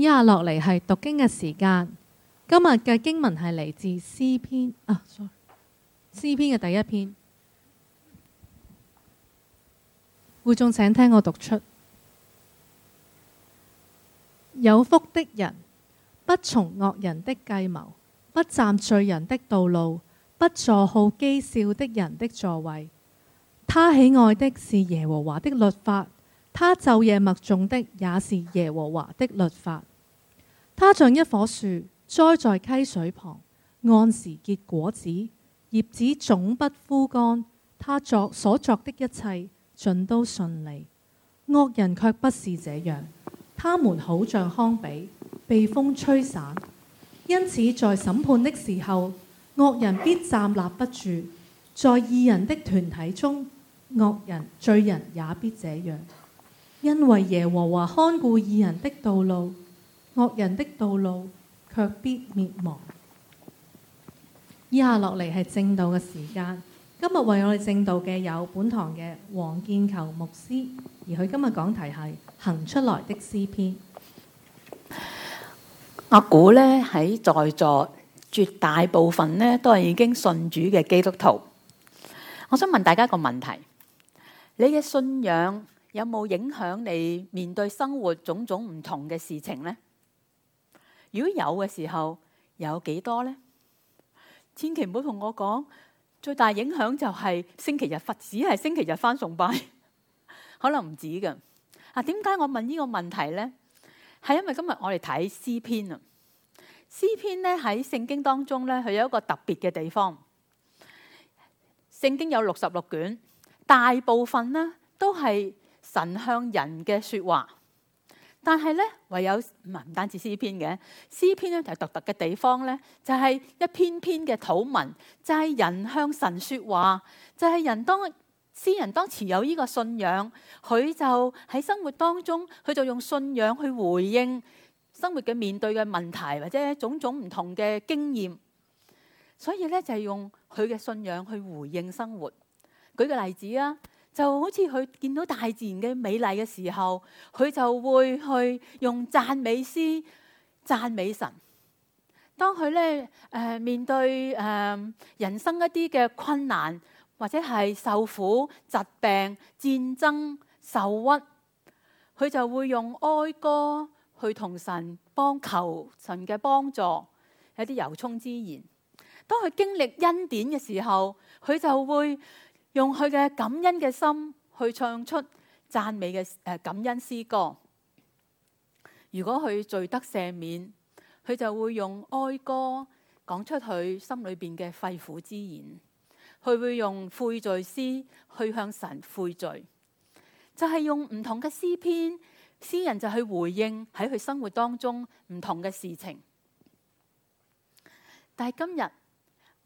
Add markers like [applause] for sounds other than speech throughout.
以下落嚟係讀經嘅時間。今日嘅經文係嚟自詩篇啊，Sorry. 詩篇嘅第一篇，會眾請聽我讀出：有福的人不從惡人的計謀，不站罪人的道路，不坐好譏笑的人的座位。他喜愛的是耶和華的律法，他晝夜默誦的也是耶和華的律法。他像一棵樹，栽在溪水旁，按時結果子，葉子總不枯乾。他作所作的一切，盡都順利。惡人卻不是這樣，他們好像糠秕，被風吹散。因此，在審判的時候，惡人必站立不住。在義人的團體中，惡人、罪人也必這樣，因為耶和華看顧義人的道路。惡人的道路卻必滅亡。以下落嚟係正道嘅時間。今日為我哋正道嘅有本堂嘅黃健逑牧師，而佢今日講題係行出來的詩篇。我估呢喺在座絕大部分呢都係已經信主嘅基督徒。我想問大家一個問題：你嘅信仰有冇影響你面對生活種種唔同嘅事情呢？如果有嘅時候，有幾多呢？千祈唔好同我講，最大影響就係星期日佛寺，係星期日翻崇拜，可能唔止嘅。啊，點解我問呢個問題呢？係因為今日我哋睇詩篇啊！詩篇呢，喺聖經當中呢，佢有一個特別嘅地方。聖經有六十六卷，大部分呢都係神向人嘅說話。但係咧，唯有唔係唔單止詩篇嘅詩篇咧，就係獨特嘅地方咧，就係一篇篇嘅土文，就係、是、人向神説話，就係、是、人當詩人當時有呢個信仰，佢就喺生活當中，佢就用信仰去回應生活嘅面對嘅問題，或者種種唔同嘅經驗。所以咧，就係、是、用佢嘅信仰去回應生活。舉個例子啊！就好似佢見到大自然嘅美麗嘅時候，佢就會去用讚美詩讚美神。當佢咧誒面對誒、呃、人生一啲嘅困難，或者係受苦、疾病、戰爭、受屈，佢就會用哀歌去同神幫求神嘅幫助，有啲由衷之言。當佢經歷恩典嘅時候，佢就會用佢嘅感恩嘅心去唱出讚美嘅、誒感恩詩歌。如果佢罪得赦免，佢就會用哀歌講出佢心裏邊嘅肺腑之言。佢會用悔罪詩去向神悔罪，就係、是、用唔同嘅詩篇，詩人就去回應喺佢生活當中唔同嘅事情。但係今日。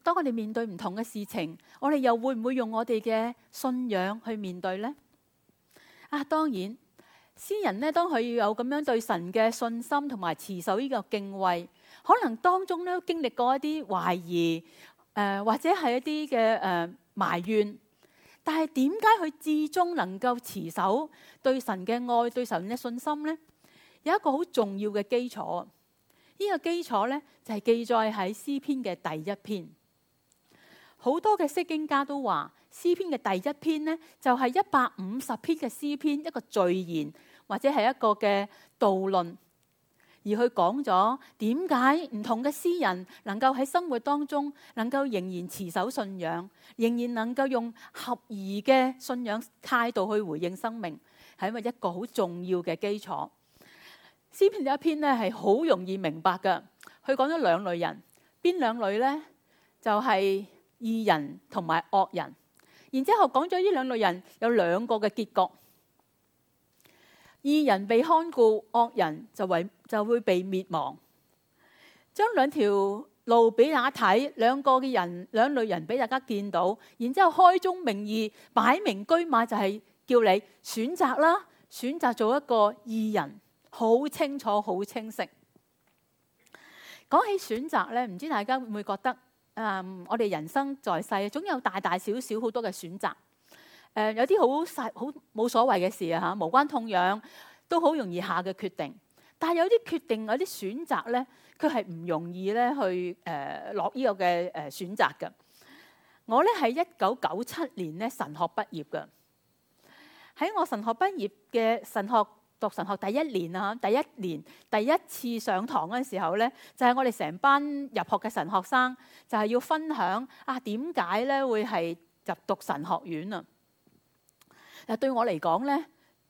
當我哋面對唔同嘅事情，我哋又會唔會用我哋嘅信仰去面對呢？啊，當然，詩人呢，當佢要有咁樣對神嘅信心同埋持守呢個敬畏，可能當中都經歷過一啲懷疑誒、呃，或者係一啲嘅誒埋怨，但係點解佢至終能夠持守對神嘅愛、對神嘅信心呢？有一個好重要嘅基礎，呢個基礎呢，就係記載喺詩篇嘅第一篇。好多嘅釋經家都話，詩篇嘅第一篇呢，就係一百五十篇嘅詩篇一個序言，或者係一個嘅導論，而佢講咗點解唔同嘅詩人能夠喺生活當中能夠仍然持守信仰，仍然能夠用合宜嘅信仰態度去回應生命，係因為一個好重要嘅基礎。詩篇第一篇呢，係好容易明白㗎。佢講咗兩類人，邊兩類呢？就係、是。義人同埋惡人，然之後講咗呢兩類人有兩個嘅結局，義人被看顧，惡人就為就會被滅亡。將兩條路俾大家睇，兩個嘅人兩類人俾大家見到，然之後開宗明義，擺明車馬就係叫你選擇啦，選擇做一個義人，好清楚，好清晰。講起選擇咧，唔知大家會唔會覺得？誒，um，我哋人生在世總有大大小小好多嘅選擇，誒，有啲好細好冇所謂嘅事啊嚇，無關痛癢都好容易下嘅決定，但係有啲決定有啲選擇咧，佢係唔容易咧去誒落呢個嘅誒選擇嘅。我咧，喺一九九七年咧，神學畢業嘅，喺我神學畢業嘅神學。讀神學第一年啊，第一年第一次上堂嗰陣時候咧，就係我哋成班入學嘅神學生，就係要分享啊，點解咧會係入讀神學院啊？誒，對我嚟講咧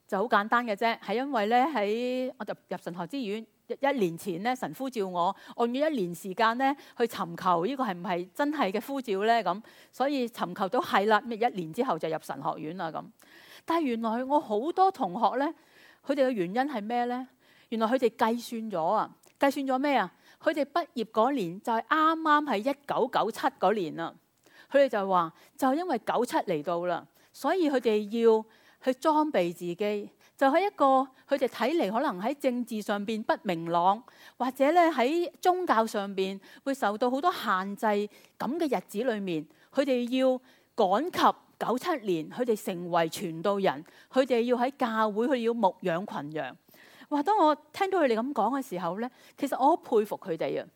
就好簡單嘅啫，係因為咧喺我就入神學之院一年前咧，神呼召我，我用一年時間咧去尋求呢個係唔係真係嘅呼召咧咁，所以尋求到係啦，咩一年之後就入神學院啦咁。但係原來我好多同學咧。佢哋嘅原因係咩呢？原來佢哋計算咗啊！計算咗咩啊？佢哋畢業嗰年就係啱啱係一九九七嗰年啦。佢哋就話，就因為九七嚟到啦，所以佢哋要去裝備自己。就喺一個佢哋睇嚟可能喺政治上邊不明朗，或者咧喺宗教上邊會受到好多限制咁嘅日子裏面，佢哋要趕及。九七年，佢哋成為傳道人，佢哋要喺教會，佢要牧養群羊。哇！當我聽到佢哋咁講嘅時候呢，其實我好佩服佢哋啊。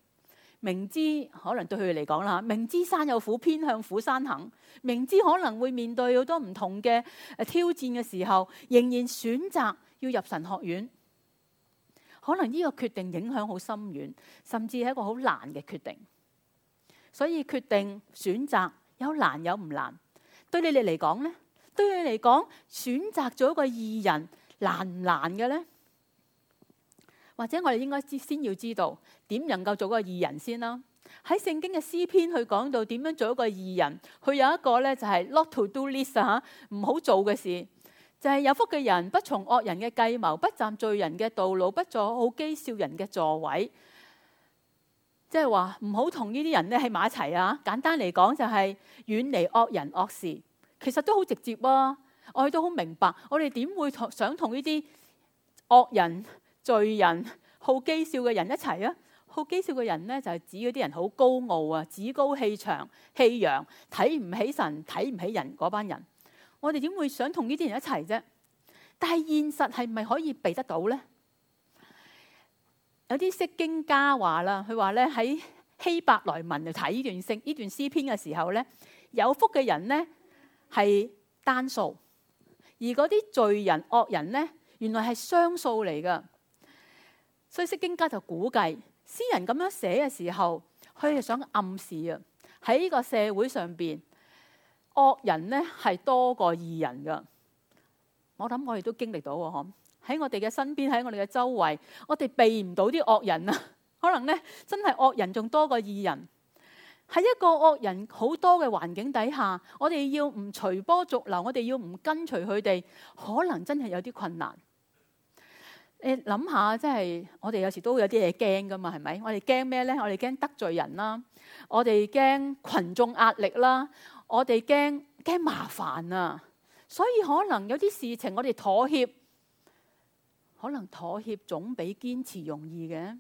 明知可能對佢哋嚟講啦，明知山有虎，偏向虎山行，明知可能會面對好多唔同嘅挑戰嘅時候，仍然選擇要入神學院。可能呢個決定影響好深遠，甚至係一個好難嘅決定。所以決定選擇有難有唔難。對你哋嚟講咧，對你嚟講選擇做一個義人難唔難嘅咧？或者我哋應該先先要知道點能夠做個義人先啦。喺聖經嘅詩篇，去講到點樣做一個義人。佢有一個咧就係 not to do list 嚇、啊，唔好做嘅事就係、是、有福嘅人不從惡人嘅計謀，不站罪人嘅道路，不坐好譏笑人嘅座位。即係話唔好同呢啲人咧喺埋一齊啊！簡單嚟講就係、是、遠離惡人惡事，其實都好直接喎、啊。我哋都好明白，我哋點會同想同呢啲惡人、罪人、好譏笑嘅人一齊啊？好譏笑嘅人咧就係、是、指嗰啲人好高傲啊，趾高氣長、氣揚，睇唔起神、睇唔起人嗰班人。我哋點會想同呢啲人一齊啫？但係現實係咪可以避得到咧？有啲釋經家話啦，佢話咧，喺希伯來文就睇呢段詩，呢段詩篇嘅時候咧，有福嘅人咧係單數，而嗰啲罪人惡人咧，原來係雙數嚟噶。所以釋經家就估計，詩人咁樣寫嘅時候，佢係想暗示啊，喺呢個社會上邊，惡人咧係多過義人噶。我諗我哋都經歷到喎，嗬。喺我哋嘅身邊，喺我哋嘅周圍，我哋避唔到啲惡人啊！可能咧，真係惡人仲多過義人。喺一個惡人好多嘅環境底下，我哋要唔隨波逐流，我哋要唔跟隨佢哋，可能真係有啲困難。你諗下，即係我哋有時都會有啲嘢驚噶嘛？係咪？我哋驚咩咧？我哋驚得罪人啦，我哋驚群眾壓力啦，我哋驚驚麻煩啊！所以可能有啲事情，我哋妥協。可能妥協總比堅持容易嘅。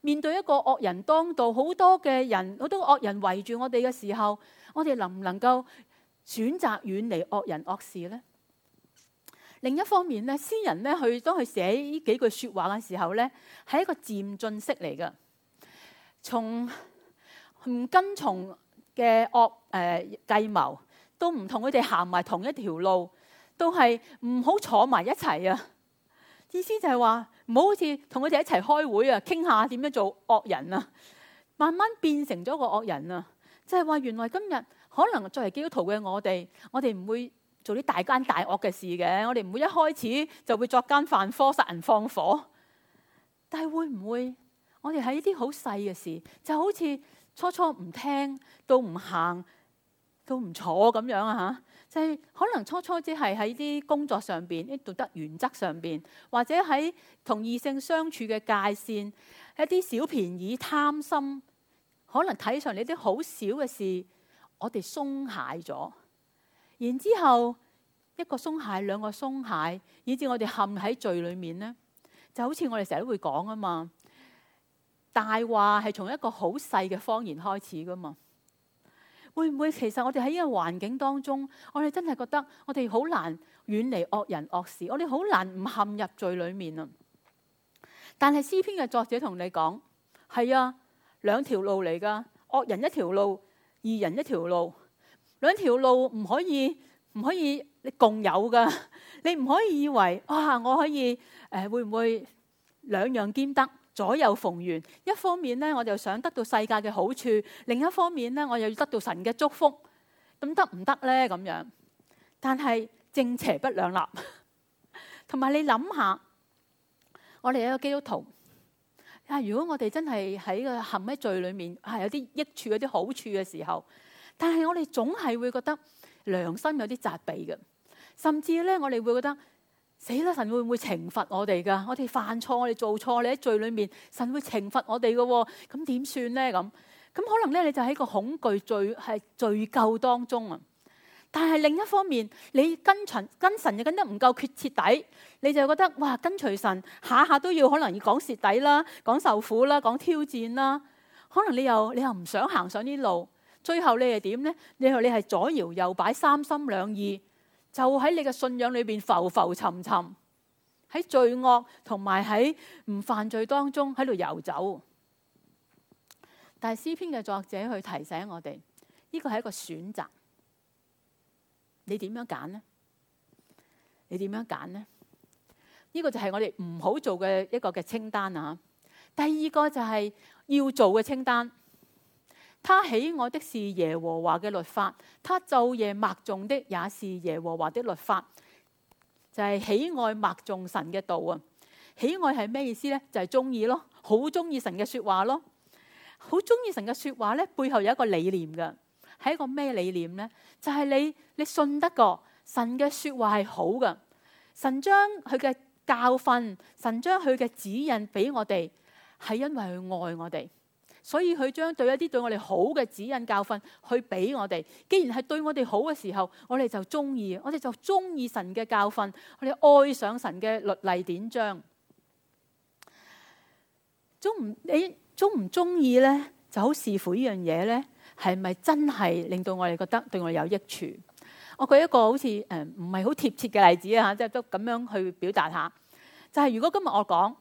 面對一個惡人當道，好多嘅人，好多惡人圍住我哋嘅時候，我哋能唔能夠選擇遠離惡人惡事呢？另一方面咧，詩人咧去當佢寫呢幾句説話嘅時候咧，係一個漸進式嚟嘅，從唔跟從嘅惡誒計謀，都唔同佢哋行埋同一條路，都係唔好坐埋一齊啊！意思就係話唔好好似同佢哋一齊開會啊，傾下點樣做惡人啊，慢慢變成咗個惡人啊！就係話原來今日可能作為基督徒嘅我哋，我哋唔會做啲大奸大惡嘅事嘅，我哋唔會一開始就會作奸犯科、殺人放火。但係會唔會我哋喺啲好細嘅事，就好似初初唔聽，都唔行，都唔坐咁樣啊嚇？就係、是、可能初初只係喺啲工作上邊，啲道德原則上邊，或者喺同異性相處嘅界線，在一啲小便宜、貪心，可能睇上嚟一啲好小嘅事，我哋鬆懈咗。然之後一個鬆懈，兩個鬆懈，以至我哋陷喺罪裏面咧，就好似我哋成日都會講啊嘛，大話係從一個好細嘅謊言開始噶嘛。會唔會其實我哋喺呢個環境當中，我哋真係覺得我哋好難遠離惡人惡事，我哋好難唔陷入罪裡面啊！但係詩篇嘅作者同你講：係啊，兩條路嚟㗎，惡人一條路，義人一條路，兩條路唔可以唔可以你共有㗎，你唔可以以為哇，我可以誒會唔會兩樣兼得？左右逢源，一方面咧，我就想得到世界嘅好處；另一方面咧，我又要得到神嘅祝福，咁得唔得咧？咁樣，但係正邪不兩立，同埋你諗下，我哋一個基督徒啊，如果我哋真係喺個行喺罪裏面，係有啲益處、有啲好處嘅時候，但係我哋總係會覺得良心有啲責備嘅，甚至咧，我哋會覺得。死啦！神會唔會懲罰我哋噶？我哋犯錯，我哋做錯，你喺罪裏面，神會懲罰我哋喎。咁點算咧？咁咁可能咧，你就喺個恐懼罪係罪疚當中啊。但係另一方面，你跟神跟神又跟得唔夠決徹底，你就覺得哇，跟隨神下下都要可能要講蝕底啦，講受苦啦，講挑戰啦。可能你又你又唔想行上呢路，最後你係點咧？最後你係左搖右擺，三心兩意。就喺你嘅信仰裏邊浮浮沉沉，喺罪惡同埋喺唔犯罪當中喺度遊走。但係詩篇嘅作者去提醒我哋，呢個係一個選擇，你點樣揀呢？你點樣揀呢？呢個就係我哋唔好做嘅一個嘅清單啊！第二個就係要做嘅清單。他喜愛的是耶和華嘅律法，他晝夜默誦的也是耶和華的律法，就係喜愛默誦神嘅道啊！喜愛係咩意思呢？就係中意咯，好中意神嘅說話咯，好中意神嘅說話呢，背後有一個理念㗎，係一個咩理念呢？就係你你信得過神嘅說話係好㗎，神將佢嘅教訓，神將佢嘅指引俾我哋，係因為佢愛我哋。所以佢將對一啲對我哋好嘅指引教訓，去俾我哋。既然係對我哋好嘅時候，我哋就中意，我哋就中意神嘅教訓，我哋愛上神嘅律例典章。中唔你中唔中意咧？就好視乎呢樣嘢咧，係咪真係令到我哋覺得對我哋有益處？我舉一個好似誒，唔係好貼切嘅例子啊，即係都咁樣去表達下。就係、是、如果今日我講誒、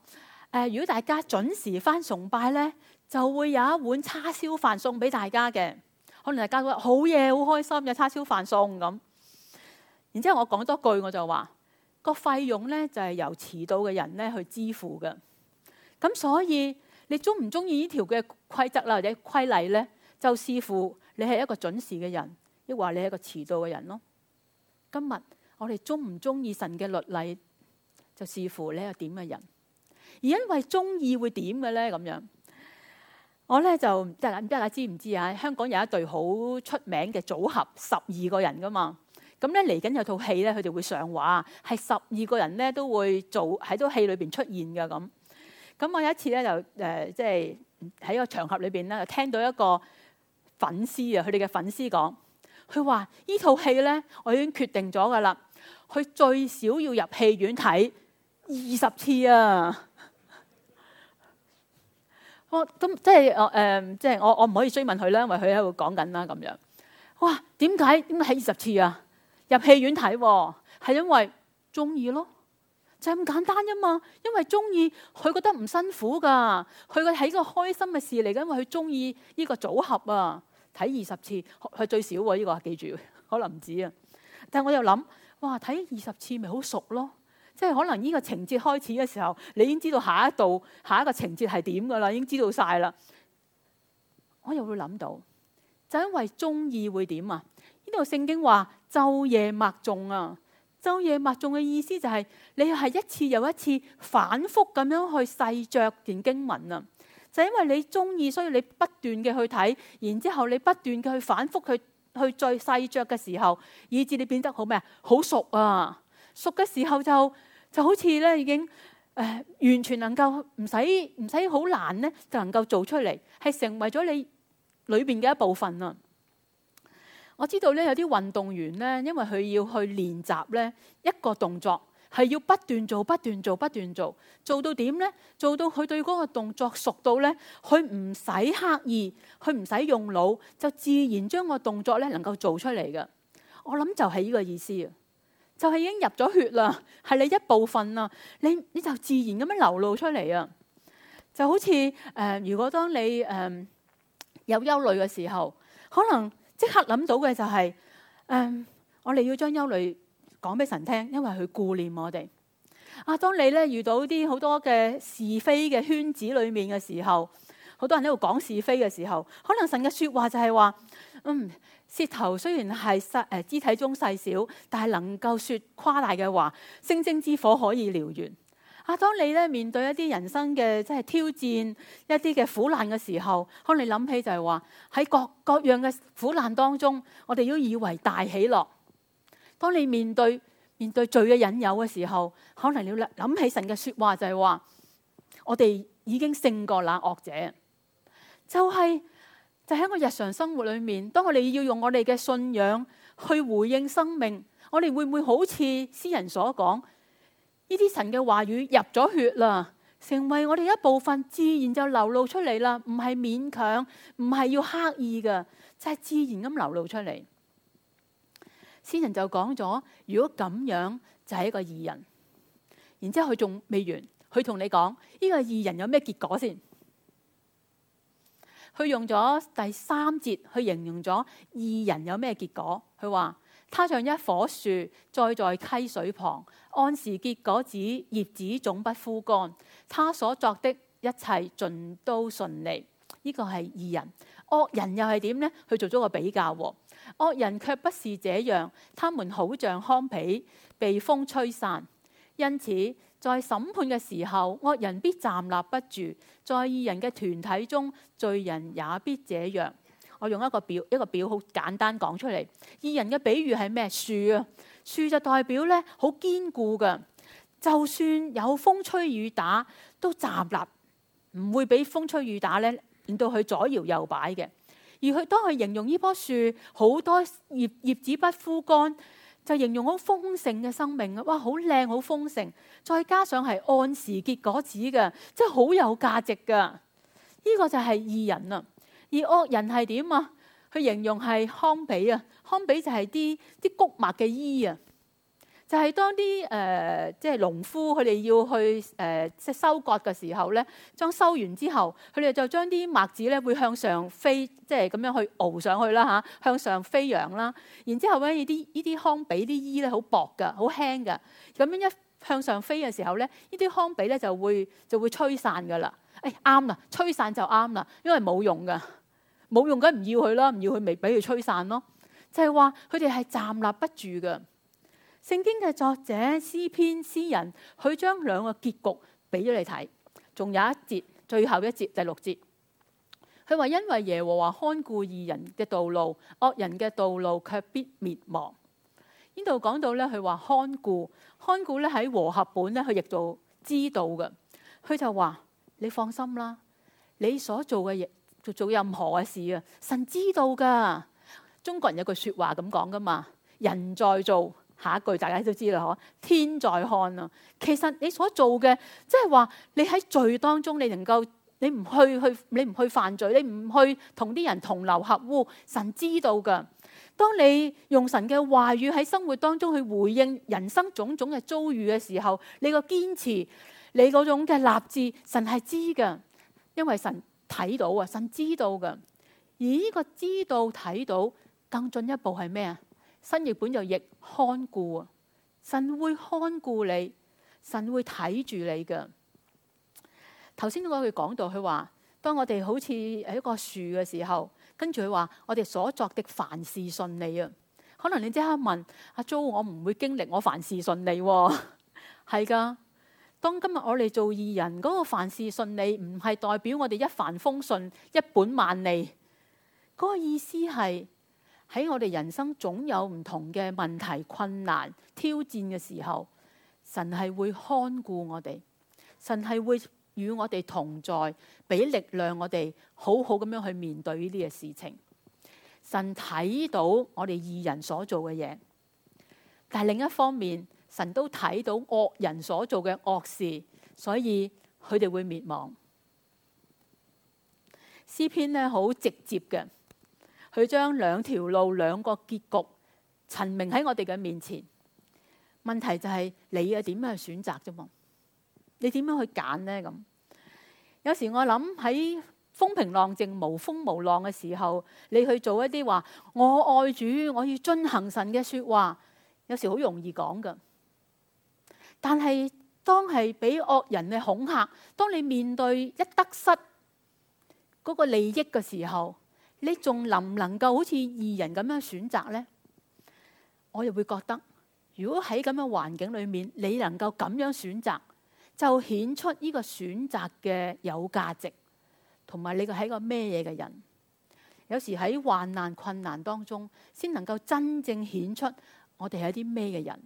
呃，如果大家準時返崇拜咧。就會有一碗叉燒飯送俾大家嘅，可能大家覺得好嘢，好開心有叉燒飯送咁。然之後我講多句，我就話個費用呢，就係、是、由遲到嘅人呢去支付嘅。咁所以你中唔中意呢條嘅規則啦，或者規例呢？就視乎你係一個準時嘅人，亦或你係一個遲到嘅人咯。今日我哋中唔中意神嘅律例，就視乎你係點嘅人。而因為中意會點嘅呢？咁樣。我咧就唔知啊，唔知大家，知唔知啊？香港有一對好出名嘅組合，十二個人噶嘛。咁咧嚟緊有套戲咧，佢哋會上畫，係十二個人咧都會做喺套戲裏邊出現嘅咁。咁我有一次咧就誒，即係喺個場合裏邊咧就聽到一個粉絲啊，佢哋嘅粉絲講，佢話依套戲咧，我已經決定咗噶啦，佢最少要入戲院睇二十次啊！我咁即係誒，即係、哦呃、我我唔可以追問佢啦，因為佢喺度講緊啦咁樣。哇，點解點解喺二十次啊？入戲院睇係、啊、因為中意咯，就咁簡單啫、啊、嘛。因為中意佢覺得唔辛苦噶，佢個係個開心嘅事嚟，嘅，因為佢中意呢個組合啊。睇二十次佢最少喎、啊、呢、這個記住，可能唔止啊。但係我又諗，哇，睇二十次咪好熟咯、啊。即係可能呢個情節開始嘅時候，你已經知道下一度、下一個情節係點㗎啦，已經知道晒啦。我又會諗到，就因為鍾意會點啊？呢度聖經話：晝夜默誦啊，晝夜默誦嘅意思就係、是、你係一次又一次反覆咁樣去細嚼段經文啊。就因為你鍾意，所以你不斷嘅去睇，然之後你不斷嘅去反覆去去再細嚼嘅時候，以致你變得好咩啊？好熟啊！熟嘅時候就～就好似咧，已經誒完全能夠唔使唔使好難咧，就能夠做出嚟，係成為咗你裏邊嘅一部分啦。我知道咧有啲運動員咧，因為佢要去練習咧一個動作，係要不斷做、不斷做、不斷做，做到點咧？做到佢對嗰個動作熟到咧，佢唔使刻意，佢唔使用腦，就自然將個動作咧能夠做出嚟嘅。我諗就係呢個意思啊！就係、是、已經入咗血啦，係你一部分啊，你你就自然咁樣流露出嚟啊，就好似誒、呃，如果當你誒、呃、有憂慮嘅時候，可能即刻諗到嘅就係、是、誒、呃，我哋要將憂慮講俾神聽，因為佢顧念我哋。啊，當你咧遇到啲好多嘅是非嘅圈子裏面嘅時候。好多人喺度講是非嘅時候，可能神嘅説話就係話：嗯，舌頭雖然係細誒肢體中細小小，但係能夠説誇大嘅話，星星之火可以燎原。啊，當你咧面對一啲人生嘅即係挑戰，一啲嘅苦難嘅時候，可能你諗起就係話喺各各樣嘅苦難當中，我哋都以為大喜樂。當你面對面對罪嘅引誘嘅時候，可能你諗起神嘅説話就係話：我哋已經勝過冷惡者。就係就喺我日常生活裏面，當我哋要用我哋嘅信仰去回應生命，我哋會唔會好似詩人所講？呢啲神嘅話語入咗血啦，成為我哋一部分，自然就流露出嚟啦，唔係勉強，唔係要刻意嘅，就係自然咁流露出嚟。詩人就講咗，如果咁樣就係一個義人。然之後佢仲未完，佢同你講呢個義人有咩結果先？佢用咗第三節去形容咗義人有咩結果。佢話：他像一棵樹，栽在，在溪水旁，按時結果子，葉子總不枯乾。他所作的一切盡都順利。呢、這個係義人。惡人又係點呢？佢做咗個比較喎。惡人卻不是這樣，他們好像糠皮，被風吹散。因此，在審判嘅時候，惡人必站立不住；在義人嘅團體中，罪人也必這樣。我用一個表，一個表好簡單講出嚟。義人嘅比喻係咩樹啊？樹就代表咧好堅固㗎，就算有風吹雨打都站立，唔會俾風吹雨打咧，令到佢左搖右擺嘅。而佢當佢形容呢棵樹，好多葉，葉子不枯乾。就形容好豐盛嘅生命哇，好靚，好豐盛，再加上係按時結果子嘅，真係好有價值㗎。呢個就係義人啦，而惡人係點啊？佢形容係糠秕啊，糠秕就係啲穀物嘅衣啊。就係、是、當啲誒即係農夫佢哋要去誒即係收割嘅時候咧，將收完之後，佢哋就將啲麥子咧會向上飛，即係咁樣去熬上去啦嚇，向上飛揚啦。然之後咧，呢啲依啲糠秕啲衣咧好薄嘅，好輕嘅，咁樣一向上飛嘅時候咧，呢啲糠秕咧就會就會吹散㗎啦。誒啱啦，吹散就啱啦，因為冇用㗎，冇用梗唔要佢啦，唔要佢咪俾佢吹散咯。就係話佢哋係站立不住㗎。聖經嘅作者詩篇詩人，佢將兩個結局俾咗你睇，仲有一節，最後一節第六節，佢話因為耶和華看顧義人嘅道路，惡人嘅道路卻必滅亡。呢度講到咧，佢話看顧看顧咧喺和合本咧，佢亦都知道嘅。佢就話你放心啦，你所做嘅嘢做做任何嘅事啊，神知道噶。中國人有句說話咁講噶嘛，人在做。下一句，大家都知啦，嗬！天在看啊！其實你所做嘅，即係話你喺罪當中，你能夠你唔去去，你唔去犯罪，你唔去同啲人同流合污，神知道噶。當你用神嘅話語喺生活當中去回應人生種種嘅遭遇嘅時候，你個堅持，你嗰種嘅立志，神係知噶，因為神睇到啊，神知道噶。而呢個知道睇到，更進一步係咩啊？新譯本就譯看顧啊，神會看顧你，神會睇住你嘅。頭先我佢講到，佢話當我哋好似係一個樹嘅時候，跟住佢話我哋所作的凡事順利啊。可能你即刻問阿 Jo，啊、我唔會經歷我凡事順利喎。係噶，當今日我哋做義人嗰、那個凡事順利，唔係代表我哋一帆風順、一本萬利。嗰、那個意思係。喺我哋人生總有唔同嘅問題、困難、挑戰嘅時候，神係會看顧我哋，神係會與我哋同在，俾力量我哋好好咁樣去面對呢啲嘅事情。神睇到我哋義人所做嘅嘢，但係另一方面，神都睇到惡人所做嘅惡事，所以佢哋會滅亡。詩篇呢好直接嘅。佢將兩條路、兩個結局陳明喺我哋嘅面前。問題就係、是、你啊，點樣去選擇啫？嘛，你點樣去揀呢？咁有時我諗喺風平浪靜、無風無浪嘅時候，你去做一啲話我愛主，我要遵行神嘅說話，有時好容易講噶。但係當係俾惡人嘅恐嚇，當你面對一得失嗰、那個利益嘅時候。你仲能唔能夠好似二人咁樣選擇呢？我又會覺得，如果喺咁嘅環境裏面，你能夠咁樣選擇，就顯出呢個選擇嘅有價值，同埋你係一個咩嘢嘅人。有時喺患難困難當中，先能夠真正顯出我哋係一啲咩嘅人。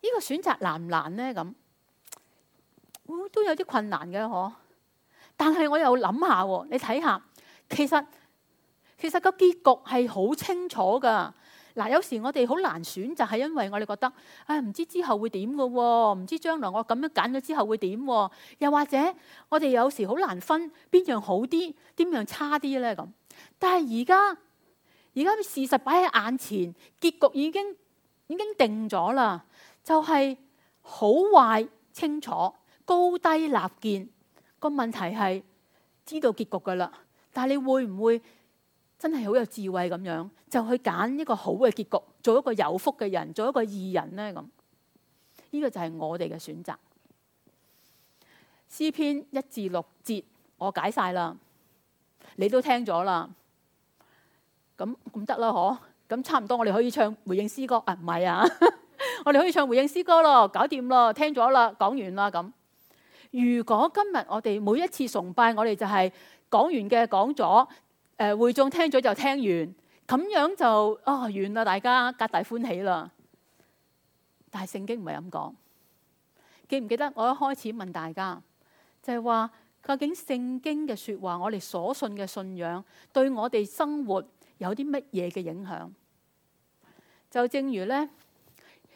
呢個選擇難唔難呢？咁，都有啲困難嘅嗬。但係我又諗下，你睇下。其實其實個結局係好清楚㗎嗱。有時我哋好難選擇，係因為我哋覺得，唉，唔知之後會點㗎？唔知將來我咁樣揀咗之後會點？又或者我哋有時好難分邊樣好啲、點樣差啲咧咁。但係而家而家事實擺喺眼前，結局已經已經定咗啦，就係好壞清楚、高低立見。個問題係知道結局㗎啦。但係你會唔會真係好有智慧咁樣就去揀一個好嘅結局，做一個有福嘅人，做一個義人呢？咁呢個就係我哋嘅選擇。詩篇一至六節，我解晒啦，你都聽咗啦。咁咁得啦，嗬？咁差唔多，我哋可以唱回應詩歌啊？唔係啊， [laughs] 我哋可以唱回應詩歌咯，搞掂咯，聽咗啦，講完啦咁。如果今日我哋每一次崇拜，我哋就係。講完嘅講咗，誒、呃、會眾聽咗就聽完，咁樣就哦完啦，大家皆大歡喜啦。但係聖經唔係咁講，記唔記得我一開始問大家，就係、是、話究竟聖經嘅說話，我哋所信嘅信仰，對我哋生活有啲乜嘢嘅影響？就正如呢，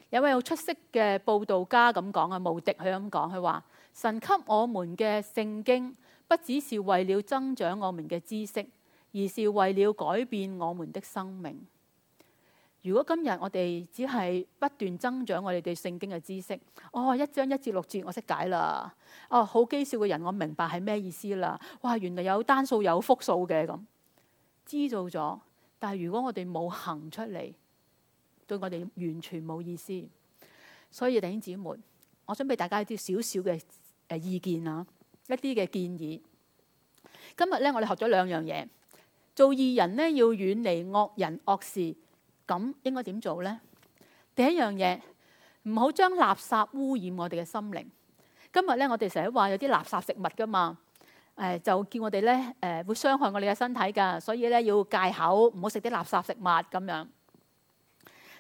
有位好出色嘅布道家咁講啊，慕迪佢咁講，佢話神給我們嘅聖經。不只是為了增長我們嘅知識，而是為了改變我們的生命。如果今日我哋只係不斷增長我哋對聖經嘅知識，哦，一章一至六節我識解啦，哦，好譏笑嘅人我明白係咩意思啦，哇，原來有單數有複數嘅咁，知道咗，但係如果我哋冇行出嚟，對我哋完全冇意思。所以弟兄姊妹，我想俾大家一啲少少嘅誒意見啊。一啲嘅建議，今日呢我哋學咗兩樣嘢。做義人呢要遠離惡人惡事，咁應該點做呢？第一樣嘢，唔好將垃圾污染我哋嘅心靈。今日呢我哋成日話有啲垃圾食物㗎嘛，誒就叫我哋呢誒會傷害我哋嘅身體㗎，所以呢要戒口，唔好食啲垃圾食物咁樣。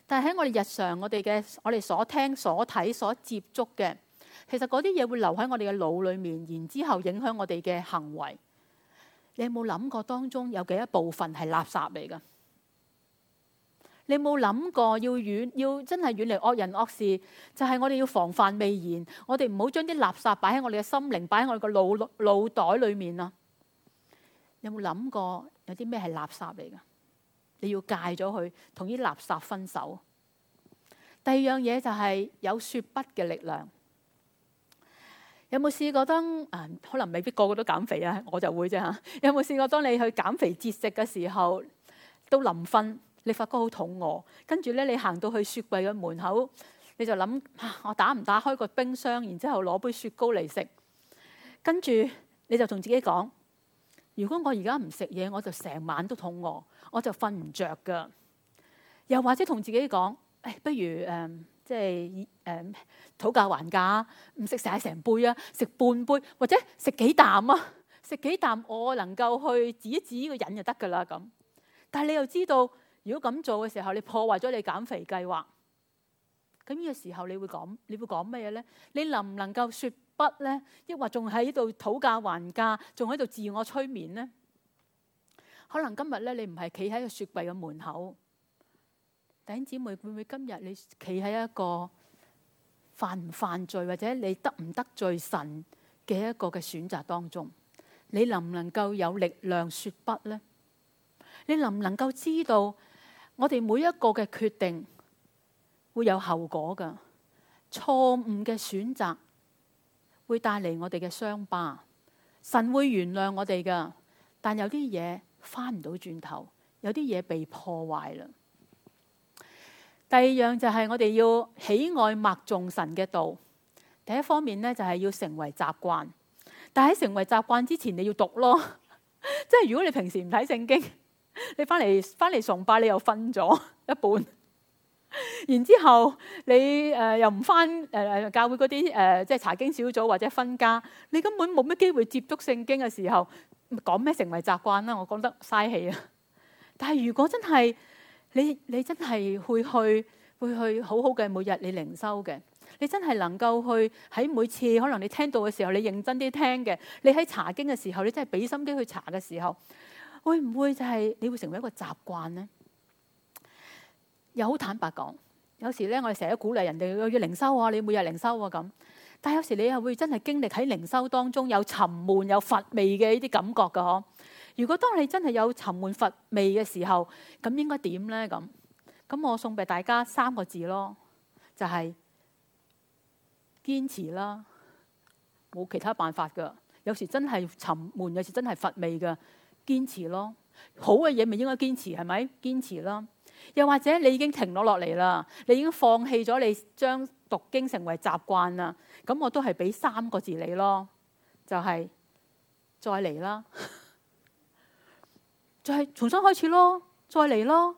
但係喺我哋日常，我哋嘅，我哋所聽、所睇、所接觸嘅。其實嗰啲嘢會留喺我哋嘅腦裏面，然之後影響我哋嘅行為。你有冇諗過當中有幾一部分係垃圾嚟㗎？你有冇諗過要遠要真係遠離惡人惡事？就係我哋要防範未然，我哋唔好將啲垃圾擺喺我哋嘅心靈，擺喺我哋嘅腦腦袋裏面啊！有冇諗過有啲咩係垃圾嚟㗎？你要戒咗佢，同啲垃圾分手。第二樣嘢就係有說不嘅力量。有冇試過當啊？可能未必個個都減肥啊，我就會啫嚇。有冇試過當你去減肥節食嘅時候，到臨瞓你發覺好肚餓，跟住咧你行到去雪櫃嘅門口，你就諗啊，我打唔打開個冰箱，然之後攞杯雪糕嚟食？跟住你就同自己講：如果我而家唔食嘢，我就成晚都肚餓，我就瞓唔着㗎。又或者同自己講：誒，不如誒。嗯即係誒討價還價，唔食晒成杯啊，食半杯或者食幾啖啊，食幾啖我能夠去止一止呢個癮就得噶啦咁。但係你又知道，如果咁做嘅時候，你破壞咗你減肥計劃。咁呢個時候你說，你會講你會講咩咧？你能唔能夠說不咧？抑或仲喺度討價還價，仲喺度自我催眠咧？可能今日咧，你唔係企喺個雪櫃嘅門口。弟兄姊妹，會唔會今日你企喺一個犯唔犯罪，或者你得唔得罪神嘅一個嘅選擇當中，你能唔能夠有力量說不呢？你能唔能夠知道我哋每一個嘅決定會有後果噶？錯誤嘅選擇會帶嚟我哋嘅傷疤。神會原諒我哋噶，但有啲嘢翻唔到轉頭，有啲嘢被破壞啦。第二樣就係我哋要喜愛默眾神嘅道。第一方面咧，就係要成為習慣，但喺成為習慣之前你要讀咯。即係如果你平時唔睇聖經，你翻嚟翻嚟崇拜，你又分咗一半。然之後你誒又唔翻誒教會嗰啲誒即係查經小組或者分家，你根本冇咩機會接觸聖經嘅時候，講咩成為習慣啦？我覺得嘥氣啊！但係如果真係，你你真係會去會去好好嘅每日你靈修嘅，你真係能夠去喺每次可能你聽到嘅時候，你認真啲聽嘅，你喺查經嘅時候，你真係俾心機去查嘅時候，會唔會就係你會成為一個習慣呢？又好坦白講，有時咧我哋成日都鼓勵人哋要靈修啊，你每日靈修啊咁，但係有時你又會真係經歷喺靈修當中有沉悶、有乏味嘅呢啲感覺㗎呵。如果當你真係有沉悶乏味嘅時候，咁應該點呢？咁咁我送俾大家三個字咯，就係堅持啦。冇其他辦法嘅，有時真係沉悶，有時真係乏味嘅，堅持咯。好嘅嘢咪應該堅持係咪？堅持啦。又或者你已經停落落嚟啦，你已經放棄咗你將讀經成為習慣啦，咁我都係俾三個字你咯，就係再嚟啦。就係、是、重新開始咯，再嚟咯，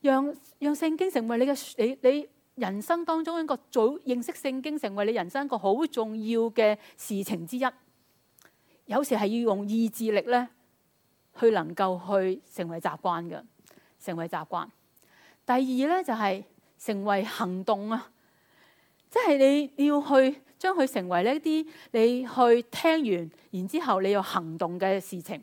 讓讓聖經成為你嘅你你人生當中一個最認識聖經，成為你人生一個好重要嘅事情之一。有時係要用意志力咧，去能夠去成為習慣嘅，成為習慣。第二咧就係、是、成為行動啊，即係你要去將佢成為一啲你去聽完然之後你要行動嘅事情。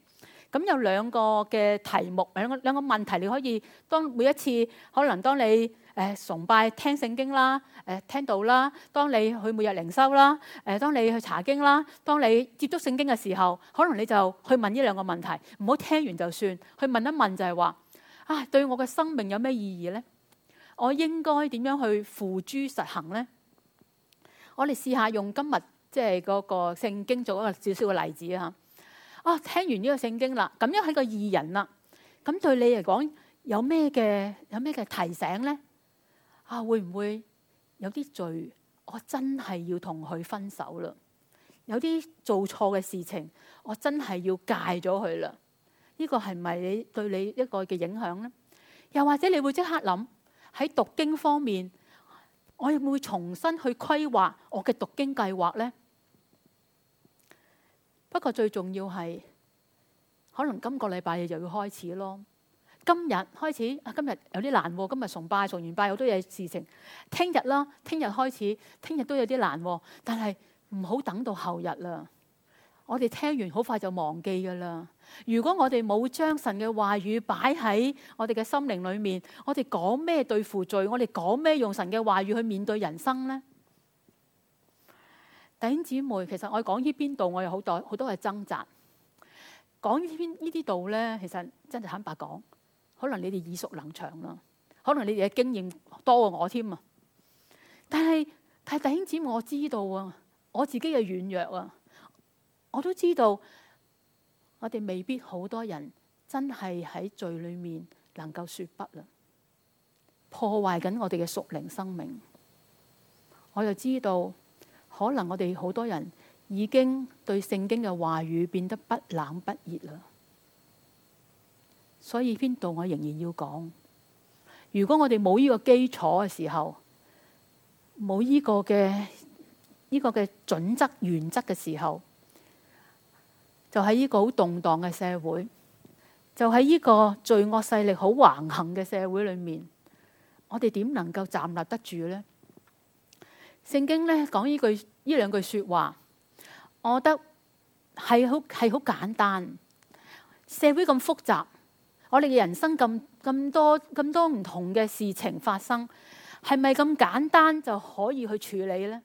咁有兩個嘅題目，兩個兩個問題，你可以當每一次可能當你誒、呃、崇拜聽聖經啦，誒、呃、聽到啦，當你去每日靈修啦，誒、呃、當你去查經啦，當你接觸聖經嘅時候，可能你就去問呢兩個問題，唔好聽完就算，去問一問就係話啊，對我嘅生命有咩意義呢？我應該點樣去付諸實行呢？我哋試下用今日即係嗰個聖經做一個小小嘅例子啊！啊，聽完呢個聖經啦，咁樣係個義人啦，咁對你嚟講有咩嘅有咩嘅提醒呢？啊，會唔會有啲罪？我真係要同佢分手啦！有啲做錯嘅事情，我真係要戒咗佢啦！呢個係咪你對你一個嘅影響呢？又或者你會即刻諗喺讀經方面，我會唔會重新去規劃我嘅讀經計劃呢？不過最重要係，可能今個禮拜日就要開始咯。今日開始，今日有啲難，今日崇拜、崇完拜好多嘢事情。聽日啦，聽日開始，聽日都有啲難。但係唔好等到後日啦。我哋聽完好快就忘記㗎啦。如果我哋冇將神嘅話語擺喺我哋嘅心靈裏面，我哋講咩對付罪？我哋講咩用神嘅話語去面對人生呢？弟兄姊妹，其實我講呢邊度，我有好多好多嘅掙扎。講呢邊呢啲度呢，其實真係坦白講，可能你哋耳熟能詳啦，可能你哋嘅經驗多過我添啊。但係，但係弟兄姊妹，我知道啊，我自己嘅軟弱啊，我都知道，我哋未必好多人真係喺罪裏面能夠説不啊，破壞緊我哋嘅屬靈生命。我又知道。可能我哋好多人已經對聖經嘅話語變得不冷不熱啦，所以邊度我仍然要講。如果我哋冇呢個基礎嘅時候，冇呢個嘅呢個嘅準則原則嘅時候，就喺呢個好動盪嘅社會，就喺呢個罪惡勢力好橫行嘅社會裏面，我哋點能夠站立得住呢？聖經咧講呢句呢兩句説話，我覺得係好係好簡單。社會咁複雜，我哋嘅人生咁咁多咁多唔同嘅事情發生，係咪咁簡單就可以去處理呢？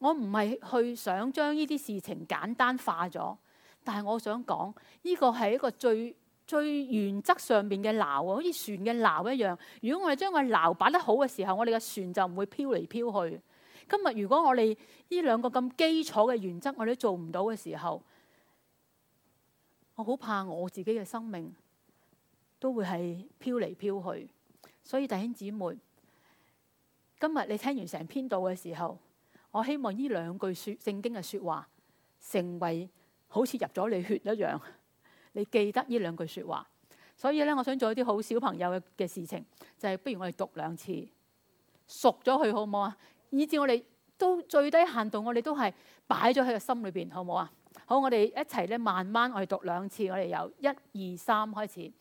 我唔係去想將呢啲事情簡單化咗，但係我想講，呢個係一個最最原則上面嘅錨啊，好似船嘅錨一樣。如果我哋將個錨擺得好嘅時候，我哋嘅船就唔會漂嚟漂去。今日如果我哋呢兩個咁基礎嘅原則，我哋都做唔到嘅時候，我好怕我自己嘅生命都會係飄嚟飄去。所以弟兄姊妹，今日你聽完成篇道嘅時候，我希望呢兩句說聖經嘅說話，成為好似入咗你血一樣。你記得呢兩句說話，所以咧，我想做一啲好小朋友嘅嘅事情，就係不如我哋讀兩次熟咗，佢好唔好啊？以至我哋都最低限度，我哋都係擺咗喺個心裏邊，好唔好啊？好，我哋一齊咧，慢慢去讀兩次，我哋由一、二、三開始。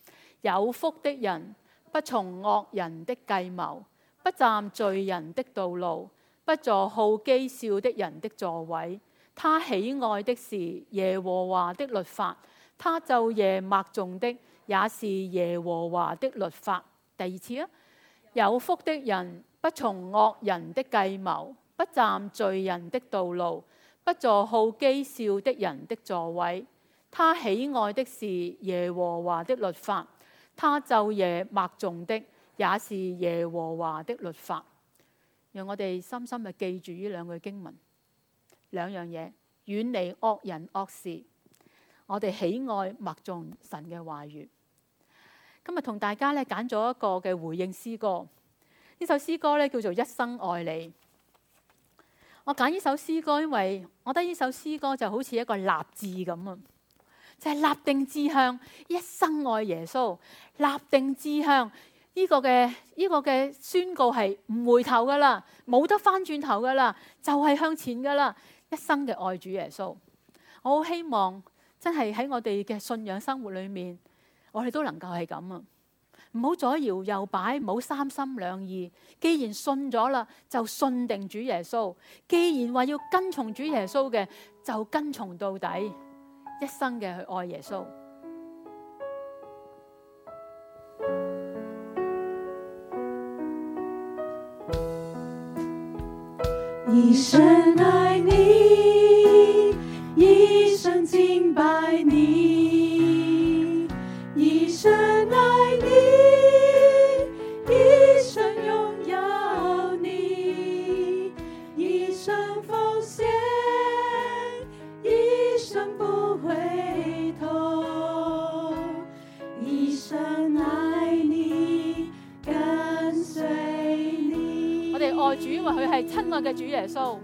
有福的人不從惡人的計謀，不站罪人的道路，不坐好譏笑的人的座位。他喜愛的是耶和華的律法，他晝夜默誦的也是耶和華的律法。第二次啊，有福的人。不從惡人的計謀，不站罪人的道路，不坐好譏笑的人的座位。他喜愛的是耶和華的律法，他晝夜默誦的也是耶和華的律法。讓我哋深深嘅記住呢兩句經文，兩樣嘢：遠離惡人惡事，我哋喜愛默誦神嘅話語。今日同大家咧揀咗一個嘅回應詩歌。呢首詩歌咧叫做《一生愛你》，我揀呢首詩歌，因為我覺得呢首詩歌就好似一個立志咁啊，就係、是、立定志向，一生愛耶穌，立定志向，呢、這個嘅呢、這個嘅宣告係唔回頭噶啦，冇得翻轉頭噶啦，就係、是、向前噶啦，一生嘅愛主耶穌。我好希望真係喺我哋嘅信仰生活裏面，我哋都能夠係咁啊！唔好左搖右擺，唔好三心兩意。既然信咗啦，就信定主耶穌。既然話要跟從主耶穌嘅，就跟從到底，一生嘅去愛耶穌。一生愛你，一生敬拜你，一生。是親愛的主耶穌。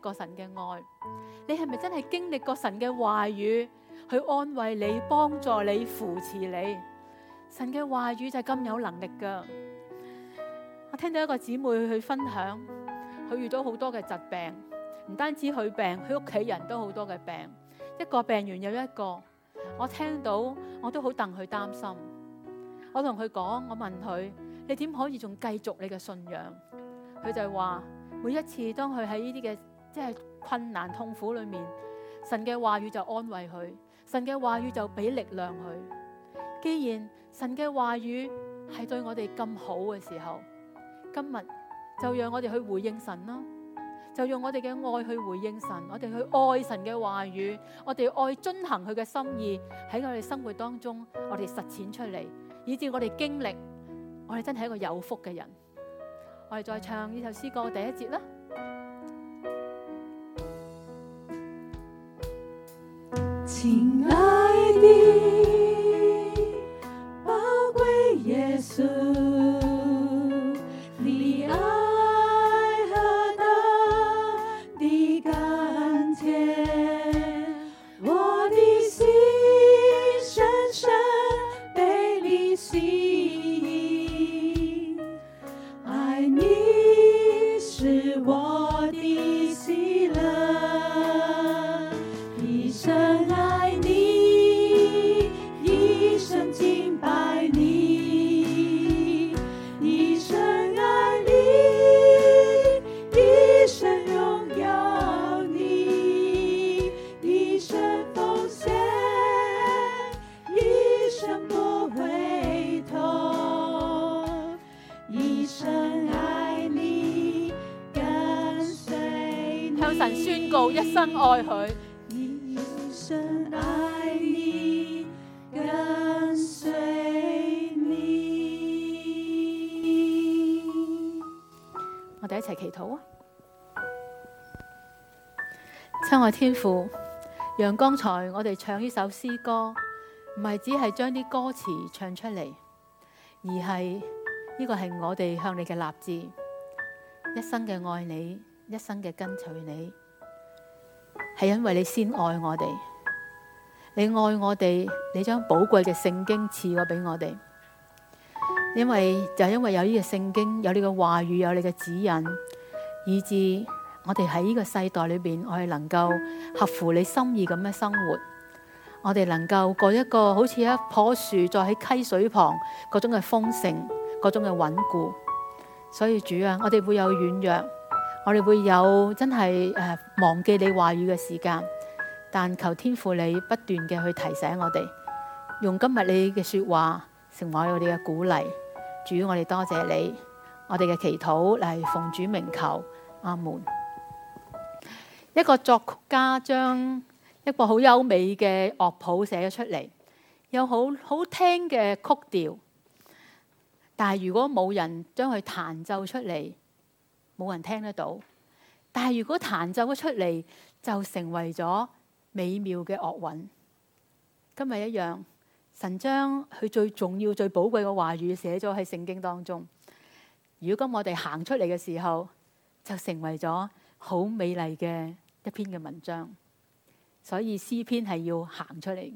個神嘅愛，你係咪真係經歷過神嘅話語去安慰你、幫助你、扶持你？神嘅話語就係咁有能力㗎。我聽到一個姊妹去分享，佢遇到好多嘅疾病，唔單止佢病，佢屋企人都好多嘅病，一個病完又一個。我聽到我都好戥佢擔心。我同佢講，我問佢：你點可以仲繼續你嘅信仰？佢就話：每一次當佢喺呢啲嘅。即係困難痛苦裏面，神嘅話語就安慰佢，神嘅話語就俾力量佢。既然神嘅話語係對我哋咁好嘅時候，今日就讓我哋去回應神囉，就用我哋嘅愛去回應神，我哋去愛神嘅話語，我哋愛遵行佢嘅心意喺我哋生活當中，我哋實踐出嚟，以致我哋經歷，我哋真係一個有福嘅人。我哋再唱呢首詩歌第一節啦。晴朗。天父，讓剛才我哋唱呢首詩歌，唔係只係將啲歌詞唱出嚟，而係呢個係我哋向你嘅立志，一生嘅愛你，一生嘅跟隨你，係因為你先愛我哋，你愛我哋，你將寶貴嘅聖經賜過俾我哋，因為就因為有呢個聖經，有呢個話語，有你嘅指引，以至……我哋喺呢個世代裏邊，我哋能夠合乎你心意咁嘅生活，我哋能夠過一個好似一棵樹，栽喺溪水旁，各種嘅豐盛，各種嘅穩固。所以主啊，我哋會有軟弱，我哋會有真係誒、呃、忘記你話語嘅時間，但求天父你不斷嘅去提醒我哋，用今日你嘅說話成為我哋嘅鼓勵。主，我哋多謝、謝你，我哋嘅祈禱嚟奉主名求，阿門。一個作曲家將一個好優美嘅樂譜寫咗出嚟，有好好聽嘅曲調。但係如果冇人將佢彈奏出嚟，冇人聽得到。但係如果彈奏咗出嚟，就成為咗美妙嘅樂韻。今日一樣，神將佢最重要、最寶貴嘅話語寫咗喺聖經當中。如果我哋行出嚟嘅時候，就成為咗。好美麗嘅一篇嘅文章，所以詩篇係要行出嚟。